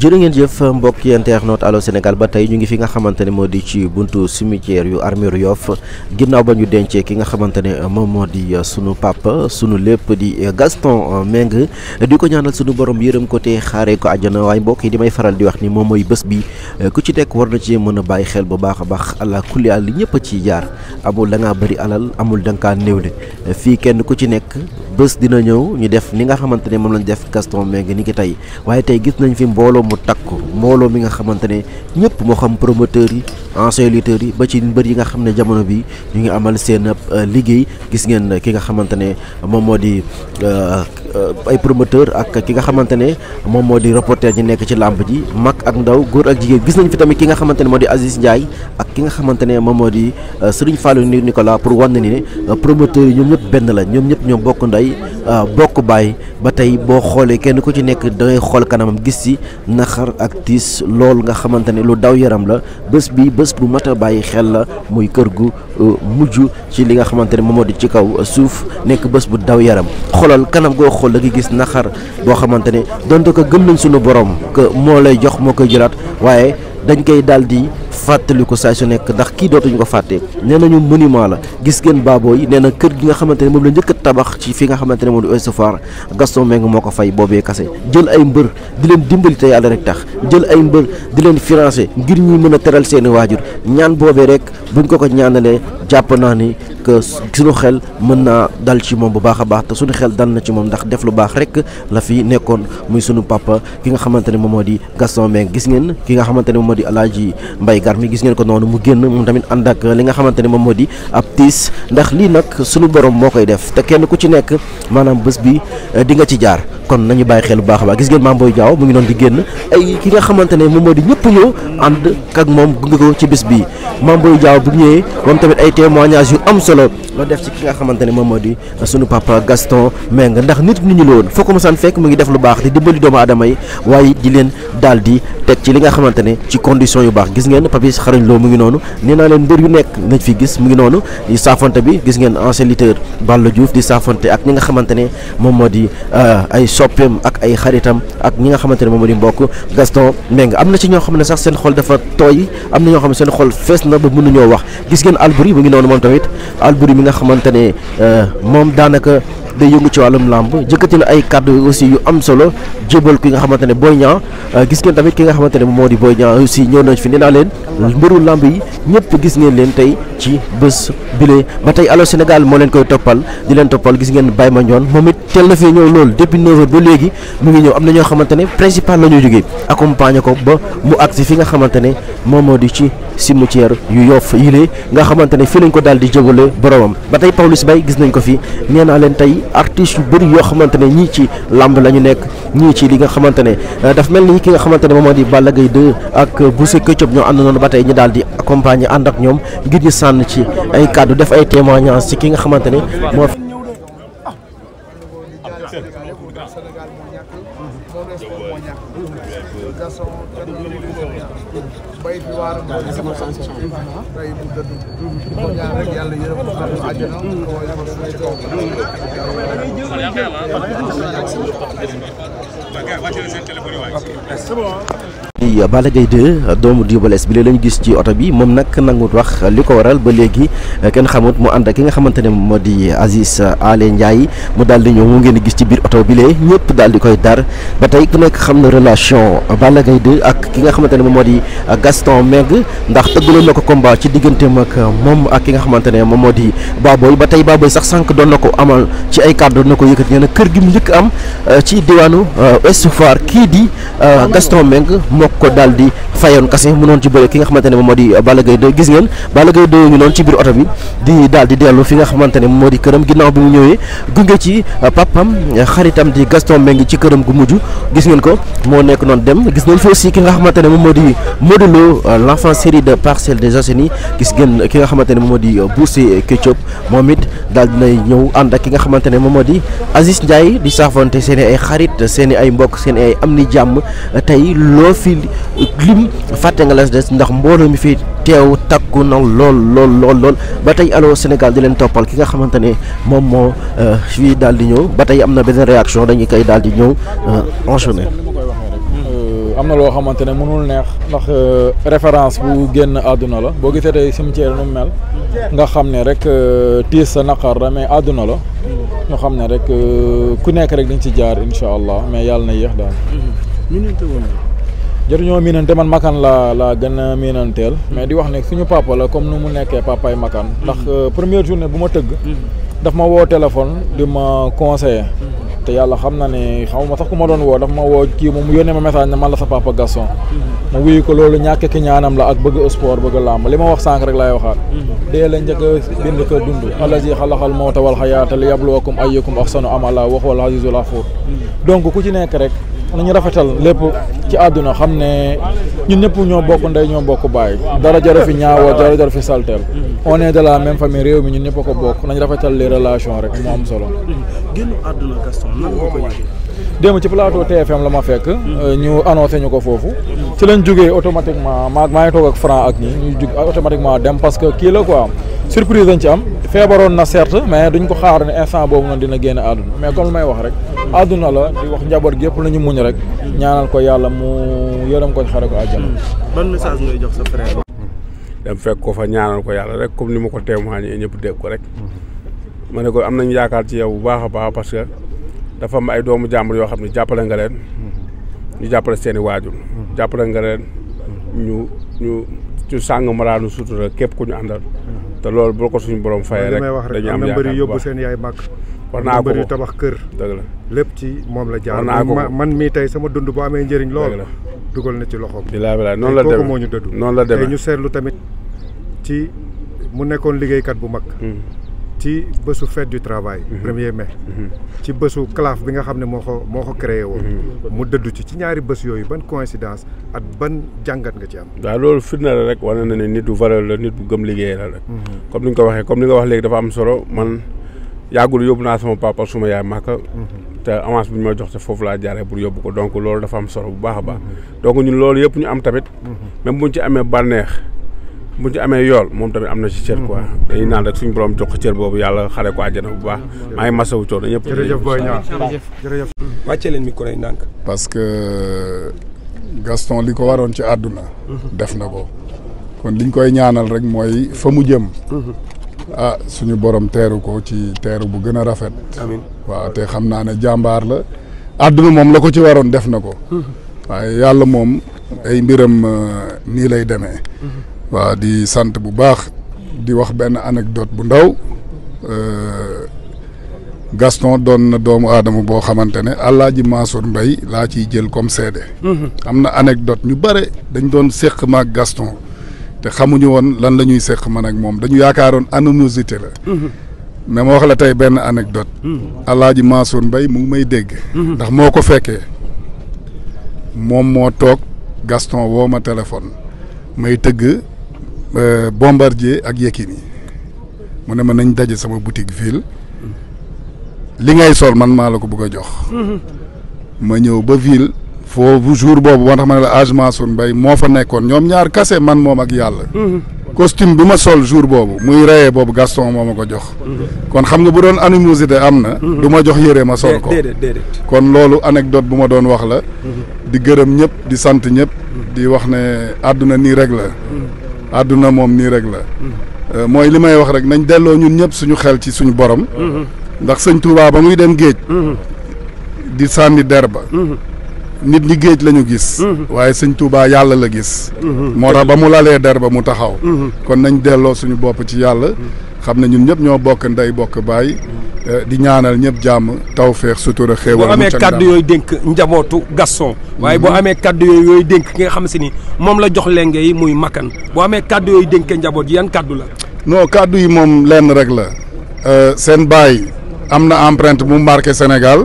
jërë ngeen jëf mbokki internaute Allô Sénégal ba tey ñu ngi fi nga xamante ne moo di ci buntu cimetière yu armure Yoff ginnaaw ba ñu dencee ki nga xamante ne moom moo di euh, sunu papa sunu lépp di euh, Gaston euh, Mbengue di ko ñaanal sunu borom yërëm ko xaaree ko àjjana waaye mbokk yi di faral di wax ni moom mooy bés bi ku ci nekk war na ci mën a bàyyi xel bu baax a baax allah kulli àll ñëpp a ciy jaar amul da bëri alal amul da néew de fii kenn ku ci nekk bés dina ñëw ñu def ni nga xamante ne moom lañ def Gaston Mbengue ni ki tey waaye tey gis nañ fi mbooloo mu ko mbooloo mi nga xamante ne ñëpp moo xam promoteurs yi anciens lutteurs yi ba ci mbër yi nga xam ne jamono bi ñu ngi amal seen euh, liggéey gis ngeen ki nga xamante ne moom moo di euh, Euh, ay promoteur ak ki nga xamante ne moom moo di reporter ñi nekk ci làmb ji mag ak ndaw góor ak jigéen gis nañ fi tamit ki nga xamante ne moo di Aziz Ndiaye ak ki nga xamante ne moom moo di euh, Serigne Fallou ni Nicolas pour wan ni ne euh, promoteurs yi ñoom ñëpp benn la ñoom ñëpp ñoom bokk ndey bokk baay ba tey boo xoolee kenn ku ci nekk dangay xool kanamam gis ci naxar ak loolu nga xamante ne lu daw yaram la bés bi bés bu mat a bàyyi xel la muy kër gu mujj ci li nga xamante ne moom moo di ci kaw suuf nekk bés bu daw yaram xoolal kanam goo xol da nga gis naxar boo xamante ne donte ko gëm nañ suñu borom que moo lay jox moo koy jëlaat waaye dañ koy daal di fàttali ko saa su nekk ndax kii dootuñu ko fàtte nee nañu monument la gis ngeen baaboo yi nee na kër gi nga xamante ne moom la njëkk a tabax ci fi nga xamante ne moom di Ouest-Foire Gaston Mbengue moo ko fay boobee jël ay mbër di leen dimbali te yàlla rek tax jël ay mbër di leen ngir ñuy mën teral seeni waajur ñaan boobee rek buñ ko ko ñaanalee jàpp naa ni que suñu xel mën naa dal ci moom bu baax a baax te suñu xel dal na ci moom ndax def lu rek la fi nekkoon muy suñu papa ki nga xamante ne moom moo di Gaston Mbengue gis ngeen ki nga xamante ne moom moo di Alaaji Mbay Mbaye Garmi gis ngeen ko noonu mu génn moom tamit ànd ak li nga xamante ne moom moo di ab tiis ndax lii nag suñu borom moo koy def te kenn ku ci nekk maanaam bés bi eh, di nga ci jaar kon nañu bàyyi xel bu baax a baax gis ngeen Mame Boye Diao mu ngi doon di génn ay ki nga xamante ne moom moo di ànd ak moom gunge ko ci bis bii Mame Boye Diao bu ñëwee moom tamit ay témoignages yu am solo loo def ci ki nga xamante ne moom moo di sunu papa Gaston Mbengue ndax nit nit ñi woon foo ko mosaan fekk mu ngi def lu baax di dimbali doomu aadama yi waaye di leen daal di teg ci li nga xamante ne ci condition yu baax gis ngeen Papis xarañ loo mu ngi noonu n naa leen mbër yu gis mu ngi noonu di saafante bi gis ngeen ancien lutteur Balla Diouf di saafante ak ñi nga xamante ne moom moo di euh, soppeem ak ay xaritam ak ñi nga xamante ne moom di mbokk Gaston Mbengue am na si ñoo xam ne sax seen xol dafa tooy am na ñoo xam ne seen xol fees na ba mënuñoo wax gis ngeen Alboury mu ngi noonu moom tamit Alboury mi nga xamante ne euh, moom daanaka day yëngu ci wàllum làmb jëkkati na ay kàddu aussi yu am solo jébal ki nga xamante ne Boy Niang euh, gis ngeen tamit ki nga xamante ne moo di Boy Niang aussi ñëw nañ fi nee naa leen mbëru làmb yi ñëpp ngeen leen tey ci bés bile ba tey Allô Sénégal moo leen koy toppal di leen toppal gis ngeen Baye Mandione moom it teel na fee ñëw loolu depuis 9h ñëw am na xamante ne principal la ñuy jógee accompagner ko ba mu agsi fi nga xamante ne moom moo di ci cimetière yu Yoff yile nga xamante ne fii lañ ko daal di jébale boromam ba tey Pawlish Mbaye gis nañ ko fi nee naa leen tey artistes yu bëri yoo xamante ne ñii ci làmb la ñu nekk ñii ci li nga xamante ne euh, daf mel ni ki nga xamante ne moom moo di Balla Gaye ak Bousse Ketchup ñoo ànd noonu ba tey ñu daal di accompagner ànd ak ñoom ngir ñu sànn ci ay kàddu def ay témoignages ci ki nga xamante ne moo fi Gaston ñaan rek yàlla yërëm ko xam àjjana ko way ko ci kaw ba. D'accord, va tirer seen téléphone waay. C'est bon. di Balla Gaye 2 doomu Double Less bi lañu gis ci oto bi moom nag nangut wax li ko waral ba léegi kenn xamut mu ànd ki nga xamante ne moo di Aziz Ale Ndiaye mu daal di ñëw mu ngeen gis ci biir oto bi lee ñëpp daal di koy dar ba tey ku nekk xam na relation Balla Gaye 2 ak ki nga xamante ne moom moo di Gaston Mbengue ndax tëggaloon na ko combat ci digganteem ak moom ak ki nga xamante ne moom moo di Baboy ba tey Baboy sax sànq doon na ko amal ci ay kàddu doon na ko yëkkati nee na gi mu njëkk am eh, ci eh, rek ko daal di fayoon kase mu noon ci bëre ki nga xamante ne moom moo di Balla Gaye 2 gis ngeen Balla Gaye 2 ñu noonu ci biir oto bi di daal di dellu fi nga xamante ne moom moo di këram ginnaaw bi mu ñëwee gunge ci papam xaritam di Gaston Mbengue ci këram gu mujj gis ngeen ko moo nekk noonu dem gis nañ fa aussi ki nga xamante ne moom moo di Modou Lo l'enfant série de parcelle des Assainies gis ngeen ki nga xamante ne moom moo di Boursé Ketchup moom it dal di dinay ñëw ànd ak ki nga xamante ne moom moo di Aziz Ndiaye di saafante seen i ay xarit seen i ay seen ay am ni jàmm tey lim fàtte nga las des ndax mbooloo mi fii teew takku na lool lool lool ba tey Allô Sénégal di leen toppal ki nga xamante ne moom moo euh, fii daal di ñëw ba tey am na benn réaction dañuy kay daal di ñëw euh, enchaîner. Euh, am na loo xamante ne mënul neex ndax référence bu génn àdduna la boo gisee tey cimetière nu mel nga xam ne rek tiis sa naqar la mais àdduna la ñu xam ne rek ku nekk rek dañ ci jaar incha allah mais yàlla na yéex daal. Mm-hmm. jotuñoo miinante man Makan la la gën a miinanteel mais di wax ne suñu papa la comme nu mu nekkee papaay Makan ndax mhm. euh, première journée bu ma tëgg mhm. daf ma woo téléphone di ma conseiller mhm. te yàlla xam na ne xaw ma sax ku ma doon woo daf ma woo kii moom mu yónnee ma message ne man la sa papa Gaston ma wuyu ko loolu ñàkk ki ñaanam la ak bëgg sport bëgg làmb li ma wax sànq rek laay waxaat dee la njëkk a bind ko dund allazi xalaxal mawta wal xayaata li yabluwakum ayyukum ahsanu amala wax wal ku ci nekk rek nañu rafetal lépp ci àdduna xam ne ñun ñëpp ñoo bokk ndey ñoo bokk baay dara jaru fi ñaawoo dara jaru fi salteel on est de la même famille réew mi ñu ñëpp ko bokk nañ rafetal les relation rek moo am solo génn àdduna Gaston démb ci plateau TFM la ma fekk. ñu annoncé ñu ko foofu. ci lañ jógee automatiquement maa maa ngi toog ak franc ak ñi ñu jug automatiquement dem que kii la quoi surprise ko xaar ne instant boobu noonu dina génn àdduna mais comme lu may wax rek. àdduna la di wax la ñu ko yàlla mu hmm. sa frère. dem fekk ko fa ñaanal ko yàlla rek comme ni ma ko témoigné ñëpp dégg ko rek. ma ne ko am nañu yaakaar ci yow bu baax a baax parce que. dafa am ay doomu jàmbur yoo xam ne jàppale nga leen ñu jàppale seen i waajur jàppale nga leen ñu ñu ñu sàng maraanu sutura képp ku ñu àndal te loolu boo ko suñu borom fayee rek dañu am yaakaar bëri yóbbu seen yaay màkk war naa ko bëri tabax kër dëgg la lépp ci moom la jaar man mii tey sama dund bu amee njëriñ lool dugal na ci loxoom bilaa bilaa noonu la demee moo ñu dëddu noonu la demee ñu seetlu tamit ci mu nekkoon liggéeykat bu mag hmm. ci bésu fet du travail. Mhm. premier mai. Mhm. ci bësu CLAF bi nga xam ne moo ko moo ko créer woon. Mhm. mu dëddu ci ci ñaari bés yooyu ban coïncidence ak ban jàngat nga ci am. waaw loolu firnde la rek wane na ne nit bu valeur la nit bu gëm liggéey la rek. comme ni nga ko waxee comme ni nga wax léegi dafa am solo man yàggul yóbbu naa sama papa suma yaay màkka te avance bi ñu ma jox te foofu laa jaree pour yóbbu ko donc loolu dafa am solo bu baax a baax. donc ñun loolu yëpp ñu am tamit. même buñ ci amee bànneex. mu ñu amee yool moom tamit am na ci cër quoi dañuy naan rek suñu borom jox ko cër boobu yàlla xare ko àjjana bu baax maa ngi masawu coono ñëpp jërëjëf Boy Niang jërëjëf wàccee leen micro yi ndànk parce que Gaston li ko waroon ci àdduna def na ko kon liñ koy ñaanal rek mooy fa mu jëm ah suñu boroom teeru ko ci teeru bu gën a rafet amiin waaw te xam naa ne jàmbaar la àdduna moom la ko ci waroon def na ko waaye yàlla moom ay mbiram ah, nii lay demee waaw di sant bu baax di wax benn anecdote bu ndaw euh, Gaston doon na doomu aadama boo xamante ne Alaaji Mansour mbay laa ciy jël comme seede mhm. am na anecdote ñu bare dañ doon séq maag Gaston te xamuñu woon lan la ñuy séq ma ak moom dañu yaakaaroon anonymité la mhm. mais ma wax la tey benn anecdote mhm. Alaaji Mansour mbay mu ngi may dégg ndax moo ko fekkee moom moo toog Gaston woo ma téléphone may tëgg Euh, Bombardier ak Yékini mu ne ma nañ daje sama boutique ville li ngay sol man maa la ko bëgg a jox. ma ñëw ba ville foofu jour boobu moo tax ma ne la âge Mansour mbay moo fa nekkoon ñoom ñaar kase man moom ak yàlla. costume bi ma sol jour boobu muy reyee boobu Gaston moo ma ko jox. kon xam nga bu doon animosité am na. du ma jox yére ma sol ko kon loolu anecdote bu ma doon wax la. di gërëm ñépp di sant ñëpp. di wax ne àdduna nii rek la. àdduna moom nii rek la euh, mooy li may wax rek nañ delloo ñun ñëpp suñu xel ci suñu borom ndax sëñ Touba ba muy dem géej di sànni der ba nit ñi géej lañu gis waaye sëñ Touba yàlla la gis moo tax ba mu lalee der ba mu taxaw kon nañ delloo suñu bopp ci yàlla xam ne ñun ñëpp ñoo bokk ndey bokk baay eh, di ñaanal ñëpp jàmm tawfeex sutura xéewal boo amee kaddu yooyu dénk njabootu Gaston waaye boo mhm. amee kaddu yooyu dénk ki nga xam ni moom la jox lenge muy makkan boo amee kaddu yooyu dénkee njaboot yan kàddu la non kàddu yi moom lenn rek la eh, seen baay am na empreinte mu marqué Sénégal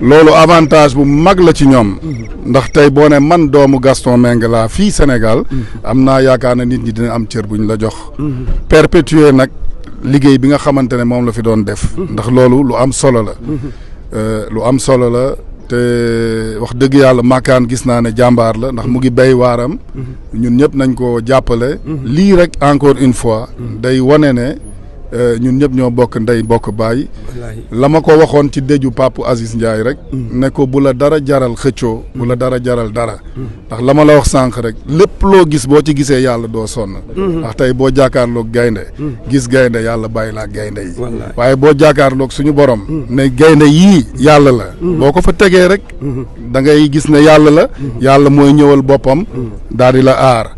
loolu avantage bu mag la ci ñoom mhm. ndax tey boo ne man doomu Gaston Mbengue laa fii Sénégal mhm. am naa yaakaar na nit ñi dina am cër bu ñu la jox perpétuer nag liggéey bi nga xamante ne moom la fi doon def. Mhm. ndax loolu lu am solo la. Mhm. Euh, lu am solo la te wax dëgg yàlla Makane gis naa ne jàmbaar la ndax mu mhm. ngi béy waaram. ñun ñëpp nañ ko jàppale. lii rek encore une fois. day wane ne. Euh, ñun ñëpp ñoo bokk ndey bokk bàyyi la ma ko waxoon ci déju Pape Aziz Ndiaye rek mm. ne ko bu la dara jaral xëccoo bu la mm. dara jaral dara mm. ndax la ma la wax sànq rek lépp loo gis boo ci gisee yàlla doo sonn ndax tey boo jaakaarloog gaynde gis gaynde yàlla bàyyi laa gaynde yi waaye boo jaakaarloog suñu borom ne gaynde yii yàlla la boo ko fa tegee rek da ngay gis ne yàlla la yàlla mooy ñëwal boppam daal di la aar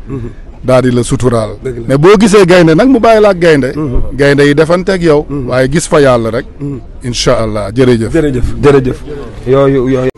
daal di la suturaal mais boo gisee gaynde nag mu bàyyi la ak gaynde mm-hmm. gaynde yi defanteeg yow mm-hmm. waaye gis fa yàlla rek mm-hmm. incha allah jërëjëf jërëjëf jërëjëf yooyu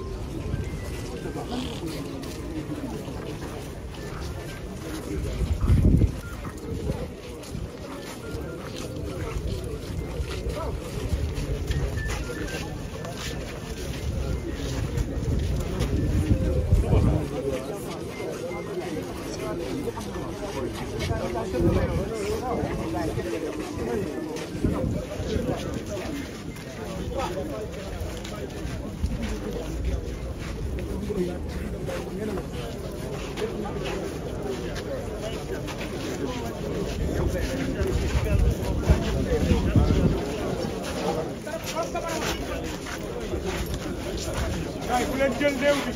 waaye ku leen jël réew bi